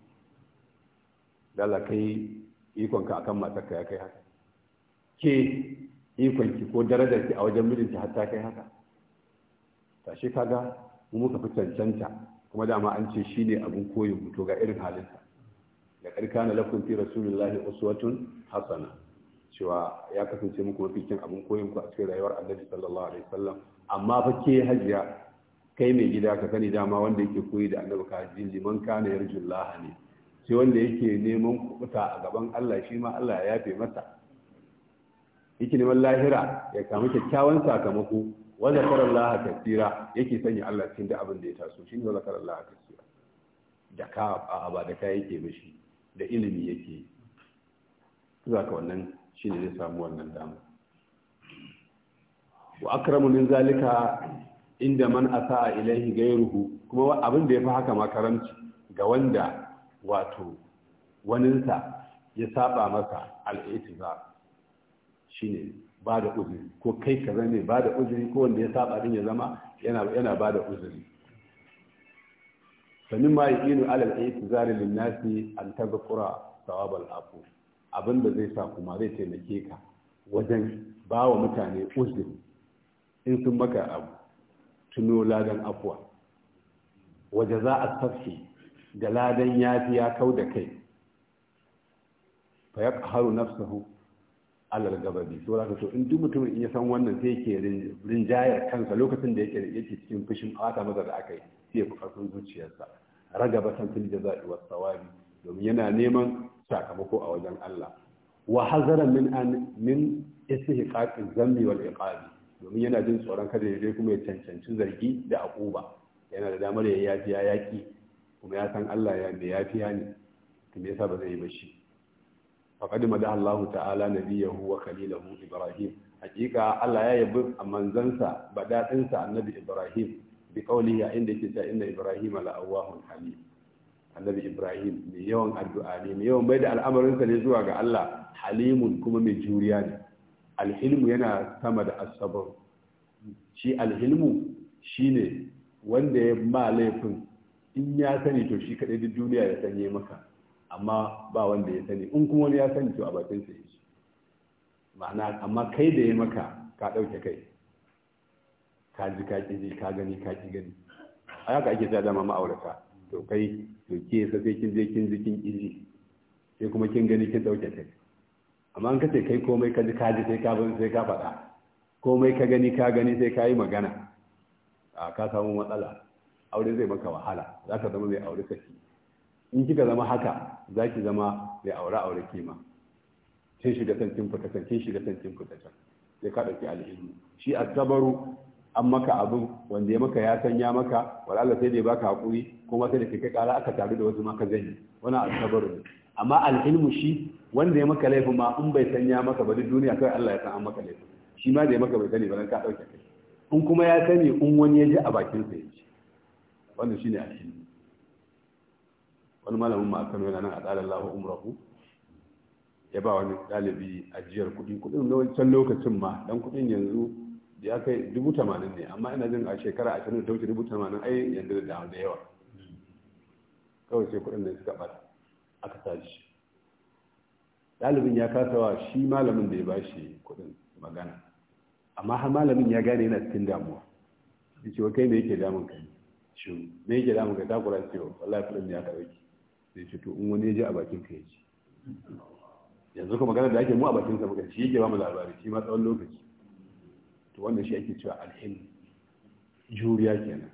Speaker 1: Allah kai ikonka akan matarka ya kai haka ke ikonki ko darajarki a wajen mijinki har ta kai haka ta shi kaga mu muka fi cancanta kuma dama an ce shine abin koyin to ga irin ka da karka na lafin fi rasulullahi uswatun hasana cewa ya kasance muku mafi cin abin koyin ku a cikin rayuwar annabi sallallahu alaihi wasallam amma fa ke hajiya kai mai gida ka sani dama wanda yake koyi da annabi ka jin liman kana yarjullaha ne sai wanda yake neman kubuta a gaban Allah shi ma Allah ya yafe masa yake neman lahira ya samu kyakkyawan sakamako wanda karar Laha kasira yake sanya Allah cikin da abin da ya taso shi ne wanda karar Laha kasira da ka a ba da ka yake mashi da ilimi yake za ka wannan shi ne zai samu wannan dama wa akramu min zalika inda man asa ilaihi gairuhu kuma abin da ya fi haka makarantu ga wanda wato waninsa ya saba masa shi shine ba da uzuri ko kai ka zane ba da uzuri ko wanda ya saba din ya zama yana ba da uzuri sanin ma inu alal itizari zari linnasi an tadhkura kura al afu abinda zai sa kuma zai taimake ka wajen ba wa mutane uzuri in sun maka abu tuno ladan afuwa. waje za a tafi da ladan ya kau da kai fa ya qaharu nafsuhu alal gababi so ka to in duk mutum in ya san wannan sai yake rinjayar kansa lokacin da yake yake cikin fushin fata maza da aka yi sai ya karfin zuciyarsa ragaba san fil jaza'i was sawabi domin yana neman sakamako a wajen Allah wa hazara min an min istihqaqi dhanbi wal iqabi domin yana jin tsoron kada ya je kuma ya cancanci zargi da akuba yana da damar ya yaji ya yaki kuma ya san Allah ya mai yafiya ne to me yasa ba zai yi ba shi faqad madaha Allah ta'ala nabiyahu wa khalilahu Ibrahim hakika Allah ya yabi manzansa badadinsa annabi Ibrahim bi qawlihi inda yake cewa inna Ibrahim la'awahun halim annabi Ibrahim mai yawan addu'a ne mai yawan bai da al'amarinsa ne zuwa ga Allah halimun kuma mai juriya ne alhilmu yana sama da asabar shi alhilmu shine wanda ya ma laifin in ya sani to shi kaɗai duk duniya ya sani maka amma ba wanda ya sani in kuma wani ya sani to a bakin sa yake ma'ana amma kai da ya maka ka ɗauke kai ka ji ka ji ka gani ka ƙi gani a haka ake ta dama ma'aurata to kai to ke sa sai kin je kin ji kin ji sai kuma kin gani kin ɗauke kai amma an kace kai komai ka ji ka ji sai ka bin sai ka faɗa komai ka gani ka gani sai ka yi magana a ka samu matsala aure zai maka wahala za ka zama mai aure kashi in kika zama haka za ki zama mai aure aure kima kin shiga san cin fita can kin shiga san cin fita can sai ka ɗauki al'ilmi shi tabaru an maka abin wanda ya maka ya sanya maka walala sai da ya baka hakuri kuma sai da kai kara aka taru da wasu maka zai wani asabaru ne amma al'ilmu shi wanda ya maka laifin ma in bai sanya maka ba duk duniya kai Allah ya san an maka laifin shi ma da ya maka bai sani ba ran ka dauke kai in kuma ya sani in wani ya ji a bakin sa wannan shine alhilmu wani malamin ma akan yana nan a tsarin lahu umrahu ya ba wani ɗalibi ajiyar kuɗi kuɗin na wancan lokacin ma dan kuɗin yanzu ya kai dubu tamanin ne amma ina jin a shekara a da ta wuce dubu tamanin ai yanzu da da yawa kawai sai kuɗin da suka ɓata aka tashi ɗalibin ya kasawa shi malamin da ya ba shi kuɗin magana amma har malamin ya gane yana cikin damuwa ya ce kai ne yake damun kai shi me yake da muka takura cewa wallahi fulani ya ki sai ce to in wani ya je a bakin ka ya yanzu kuma magana da ake mu a bakin sa muka shi yake ba mu labari shi ma tsawon lokaci to wannan shi ake cewa alhim juriya kenan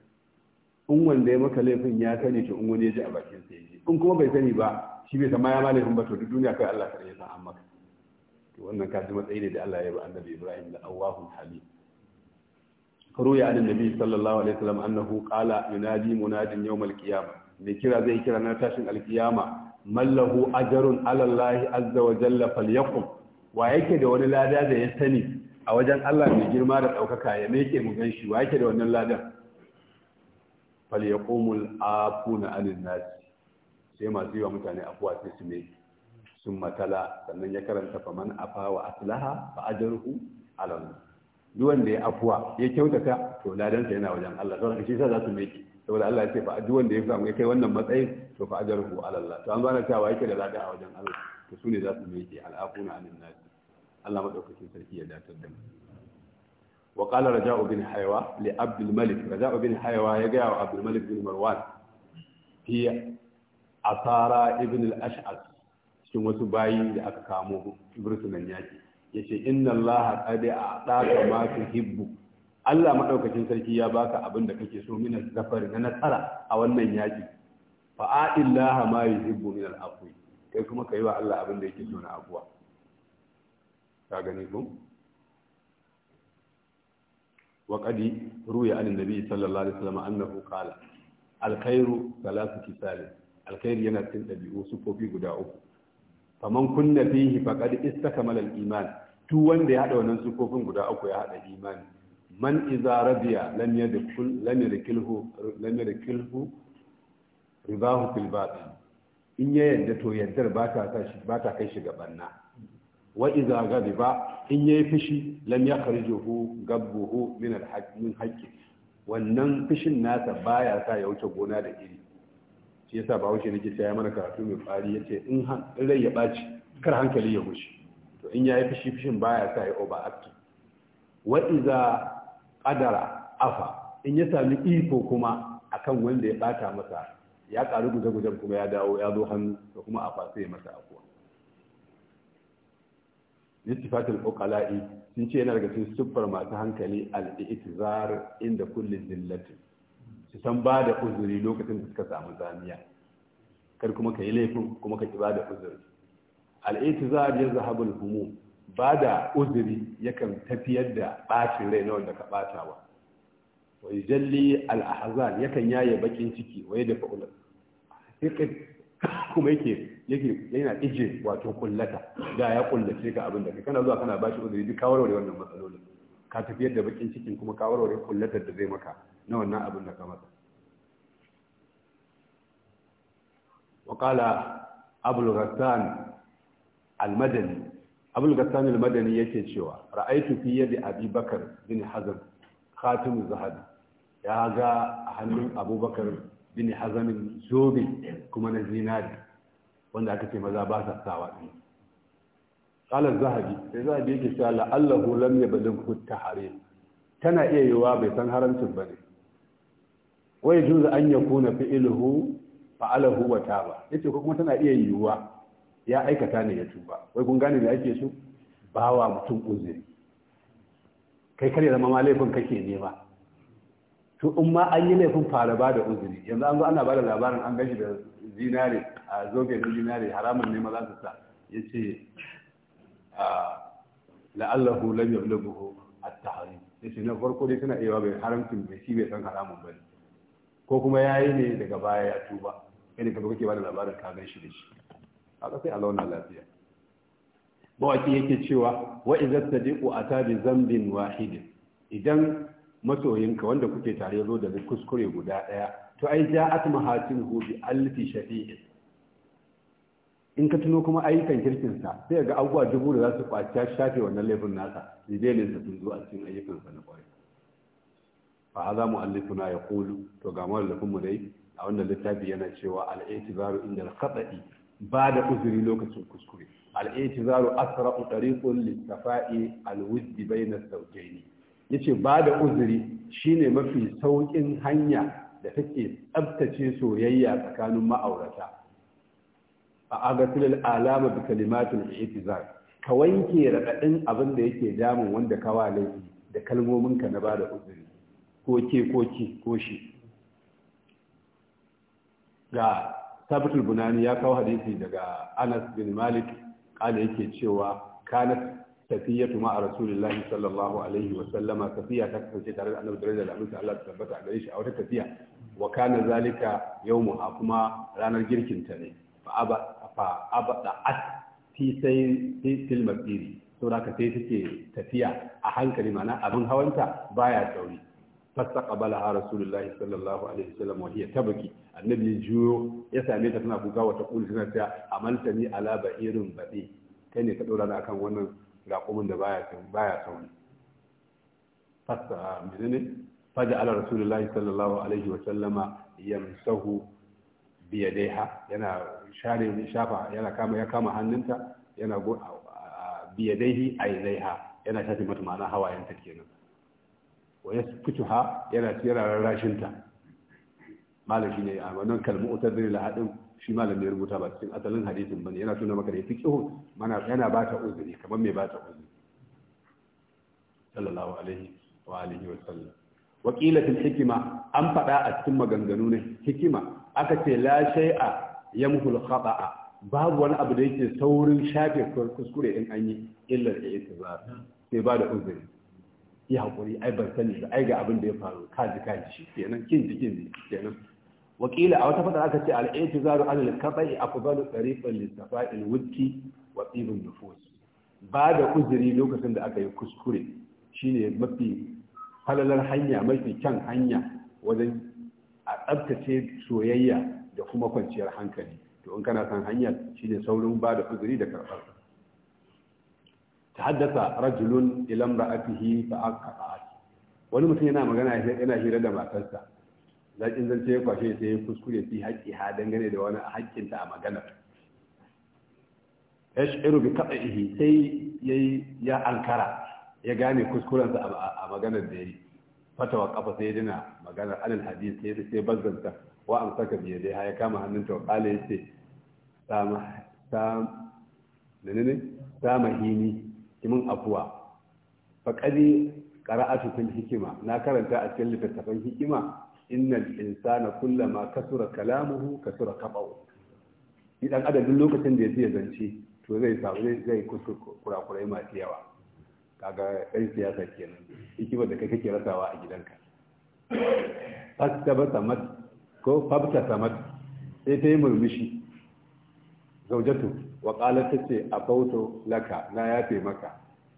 Speaker 1: in wanda ya maka laifin ya sani to in wani ya ji a bakin sa ya in kuma bai sani ba shi bai san ma ya ma laifin ba to duk duniya kai Allah kare ya san an maka to wannan kasu matsayi ne da Allah ya ba annabi Ibrahim da Allahu Halim ruya an nabi sallallahu alaihi wasallam annahu qala yunadi munadin yawm alqiyama mai kira zai kira na tashin alqiyama mallahu Ajarun, ala allahi jalla falyaqum wa yake da wani lada da ya sani a wajen Allah mai girma da daukaka ya meke mu ganshi wa yake da wannan ladan falyaqumul afuna anin nas sai masu yiwa mutane afuwa sai su meke sun matala sannan ya karanta faman afa wa aslaha fa ajruhu ala allah duk wanda ya afuwa ya kyautata to ladansa yana wajen Allah don haka shi sa za su meke saboda Allah ya ce fa duk wanda ya samu ya kai wannan matsayin to fa ajruhu ala Allah to an zana cewa yake da lada a wajen Allah to su ne za su meke al'afuna anin nas Allah madaukakin sarki ya datar da mu wa qala raja'u bin haywa li abdul malik raja'u bin haywa ya ga wa abdul malik bin marwan fi asara ibn al-ash'as cikin wasu bayi da aka kamo birtunan yaki yace inna allaha a ɗaka ma tuhibbu Allah madaukakin sarki ya baka abin da kake so min zafar na nasara a wannan yaki fa illaha ma yuhibbu min al-afwi kai kuma kai wa Allah abin da yake so na abuwa ka gani ko wa qadi ruya an nabi sallallahu alaihi wasallam annahu qala al-khairu thalath kisal al-khair yana cikin dabi'u sufofi guda uku faman kunna fihi faqad istakmala al-iman tu wanda ya hada wannan sukofin guda uku ya hada imani man idza radiya lam yadkhul lam yadkhulhu lam yadkhulhu ribahu fil batin in ya yadda to yaddar ba ta ba ta kai shi ga banna wa idza gadiba in yayi fishi lam yakhrijuhu gabbuhu min al-haqq min haqqi wannan fishin nasa baya sa ya wuce gona da iri shi yasa ba wuce nake sai ya mana karatu mai fari yace in rai ya baci kar hankali ya gushi to in yayi fishi fishin baya sa ya overacting wa iza qadara afa in ya sami iko kuma akan wanda ya bata masa ya karu guje gujen kuma ya dawo ya zo hannu to kuma a fasa masa akuwa littifatul uqala'i sun ce yana daga cikin siffar masu hankali al-i'tizar inda kulli zillatin su san ba da uzuri lokacin da suka samu zamiya kar kuma ka yi laifin kuma ka ki ba da uzuri al'aiti za a jin zahabul humu ba da uzuri yakan tafiyar da ɓacin rai na wanda ka ɓata wa wa jalli al'ahazan yakan yaye bakin ciki waye da fa'ular. kuma yake yake yana ije wato kullata da ya kullace ka abin da kai kana zuwa kana bashi uzuri duk kawarware wannan matsalolin ka tafiyar da bakin cikin kuma kawarware kullatar da zai maka na wannan abin da ka masa wakala abul al-madani abul al-madani yake cewa ra'aitu fi yadda abi bakar bin hazan khatim zahabi ya ga a hannun abubakar bin hazamin zobe kuma na zinari wanda aka ce maza ba sa sawa ɗin ƙalar zahabi sai zahabi yake cewa la'allahu lam ya balin hutta hare tana iya yiwuwa bai san haramcin ba ne wai yajuzu an yakuna fa fa'alahu wa taba yace ko kuma tana iya yiwuwa ya aikata ne ya tuba wai kun gane da ake so bawa mutum uzuri kai kare zama ma laifin kake nema to in ma an yi laifin fara ba da uzuri yanzu an zo ana ba da labarin an gashi da zinare a zoge da zinare haramun ne za su sa ya ce la'allahu lam yablughu at-tahrim yace na farko dai tana iya ba haramcin bai shi bai san haramun ba bane ko kuma ya yi ne daga baya ya tuba kai ne kake ba labarin ka gan shi da shi a kasai Allah wannan lafiya mawaki yake cewa wa idza tadiqu ata bi zambin wahid idan masoyinka wanda kuke tare zo da kuskure guda daya to ai ja'at mahatin hu bi alfi shafi'in in ka tuno kuma ayyukan kirkin sa sai ga abubuwa dubu da za su kwaci shafe wannan laifin nasa zai ne sun zo a cikin ayyukan sa na kwarai fa hadha ya kulu to ga mawallafin mu dai a wannan littafi yana cewa al-i'tibaru inda al-khata'i ba da uzuri lokacin kuskure al-i'tibaru asra'u tariqun lit-tafa'i al-wujdi bayna az Ya yace ba da uzuri shine mafi sauƙin hanya da take tsabtace soyayya tsakanin ma'aurata a agatul alama bi kalimatul i'tizar ka wanke raɗaɗin abin da yake damun wanda kawa laifi da kalmomin ka na da uzuri ko ke ko ki ko shi ga sabitul bunani ya kawo hadisi daga anas bin malik kala yake cewa kanat tafiyatu a rasulillahi sallallahu alaihi wa sallama tafiya ta kasance tare da annabi daraja da amince Allah ta tabbata a gare shi a wata tafiya wa kana zalika yawmuha kuma ranar girkin ta ne fa aba fa aba at fi sai fil masiri saboda ka sai take tafiya a hankali mana abin hawanta baya sauri ha rasulullahi sallallahu alaihi wasallam wa hiya tabki annabi ya juyo ya same ta tana kuka wata kulu tana ta ni ala ba'irin bade kai ne ka dora ni akan wannan raƙumin da baya baya sauri fasta menene faja ala rasulullahi sallallahu alaihi wasallama yamsahu yadaiha yana share shafa yana kama ya kama hannunta yana yadaihi ainaiha yana shafe mata ma'ana hawayenta kenan wa ya fituha yana tsirarar rashinta malam shi ne a wannan kalmu da lahadin shi malam ya rubuta ba cikin asalin hadisin bane yana tuna maka da fiqhu mana yana ba ta uzuri kamar mai ba ta uzuri sallallahu alaihi wa alihi wa sallam wa qila fil hikma an fada a cikin maganganu ne hikima aka ce la shay'a yamhul khata'a babu wani abu da yake saurin shafe kuskure in an yi illar i'tizar sai ba da uzuri yi haƙuri ai ban sani ba ai ga abin da ya faru ka ji ka ji kenan kin ji kin ji kenan wakila a wata fada aka ce al'aiti zaru an al-qada'i afdalu tariqan li safa'il wudki wa tibin nufus ba da uzuri lokacin da aka yi kuskure shine mafi halalar hanya mafi kyan hanya wajen a tsabtace soyayya da kuma kwanciyar hankali to in kana san hanya shine saurin ba da uzuri da karɓar haddasa rajulun ila imra'atihi fa aqa'a wani mutum yana magana yana hira da matarsa zakin zance ya kwashe sai ya kuskure fi haƙƙi ha dangane da wani haƙƙinta a magana yash'iru bi qat'ihi sai yayi ya ankara ya gane kuskurensa a maganar da yayi fatawa kafa sai dina maganar alal hadith sai sai bazzanta wa amsaka bi yadai ha ya kama hannun ta qala yace sama sam ne ne sama hini kimin afuwa qara'atu ƙara'atukun hikima na karanta a cikin littattafan hikima innal insana kullama kasura kalamuhu kasura kabahu idan adam duk lokacin da ya zance to zai samu zai kusur kurakurai masu yawa kaga dan siyasa kenan Hikima da kai kake rasawa a gidanka fastabata mat ko fabta samat sai ta yi murmushi zaujatu wa qalat tace bauto laka na yafe maka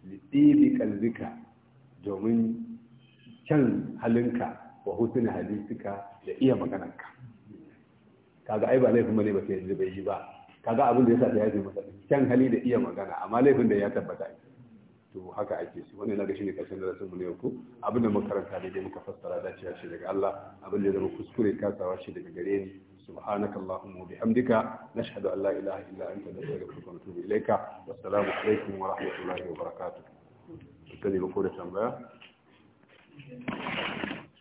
Speaker 1: liɗibi kalbika domin kyan halinka wa hutun halittuka da iya magananka kaga ai ba laifin bane ba sai bai yi ba kaga abin da yasa ta yafe masa kyan hali da iya magana amma laifin da ya tabbata to haka ake su wannan naga shine karshen darasin mu ne yau abin da muka karanta da muka fassara cewa shi daga Allah abin da ya zama kuskure kasawa shi daga gare ni سبحانك اللهم وبحمدك نشهد أن لا إله إلا أنت نستغفرك ونتوب إليك والسلام عليكم ورحمة الله وبركاته تبتدي بقول التنبيه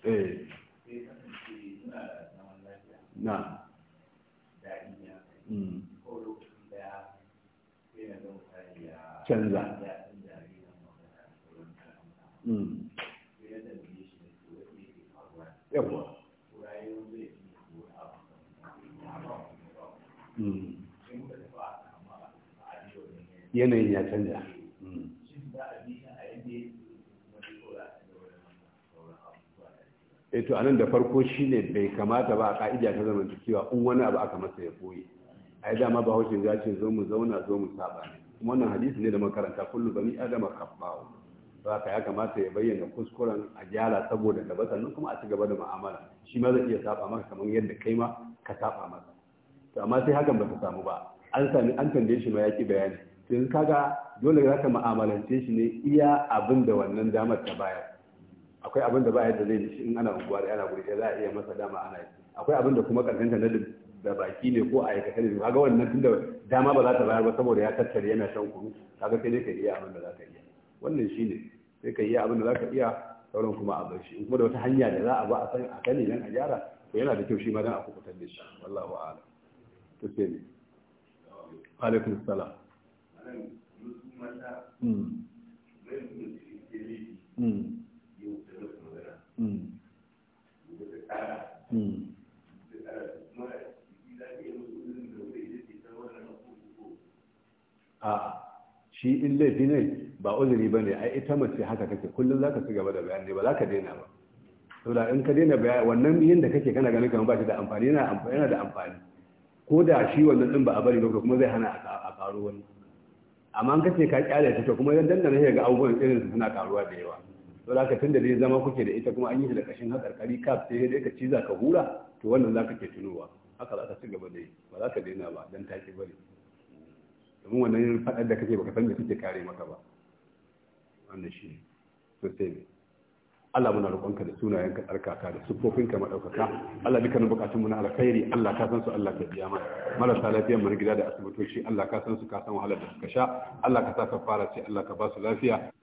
Speaker 1: ايه نعم كنزة yawwa Hmm. yanayin ya canja hmm. eto eh, anan da farko shine bai kamata ba a ka'ida ta zama cewa in wani abu aka masa ya koyi ai dama ba hushin ya ce zo mu zauna zo mu saba ne kuma wannan hadisi ne da makaranta kullu bani adama khabba'u ba ka ya kamata ya bayyana kuskuren a gyara saboda gaba sannan kuma a ci gaba da mu'amala shi ma zai iya saba maka kamar yadda kai ma ka saba masa to amma sai hakan ba ta samu ba an sami an tambaye shi ma bayani to yanzu kaga dole za ka mu'amalance shi ne iya abin da wannan damar ta bayar akwai abin da bayar da zai shi in ana unguwa da ana guri za a iya masa dama ana yi akwai abin da kuma karkanta na da baki ne ko a aikata ne kaga wannan tunda dama ba za ta bayar ba saboda ya tattare yana shan kuru kaga sai dai ka iya abin da za ka iya wannan shi ne sai ka iya abin da za ka iya sauran kuma a bar shi in kuma da wata hanya da za a ba a san a ne nan a gyara to yana da kyau shi ma dan a kukutar da shi wallahu a'lam to ne alaikun sala hmm. hmm. hmm. a shi in laifi ne ba uzuri ba ne ai ita mace haka kake kullum za ka ci gaba da bayani ba za ka daina ba saboda in ka daina bayani wannan yin da kake kana ganin kamar ba shi da amfani yana da amfani ko da shi wannan din ba a bari ba kuma zai hana a karu wani amma an kace ka kyale ta to kuma idan dandana sai ga abubuwan irin su suna karuwa da yawa to zaka tunda dai zama kuke da ita kuma an yi shi da kashin kari kaf sai dai ka ciza ka hura to wannan zaka ke tunowa haka za ka ci gaba da yi ba za ka daina ba dan taki bari domin wannan faɗar da kake baka san da kake kare maka ba wannan shi ne to sai Allah muna roƙonka da sunayen ka tsarkaka da siffofin ka madaukaka Allah na bukatun muna na alkhairi Allah ka san su Allah ka biya mana marasa lafiyar mu gida da asibitoci Allah ka san su ka san wahalar da suka sha Allah ka sa ka fara ce Allah ka ba su lafiya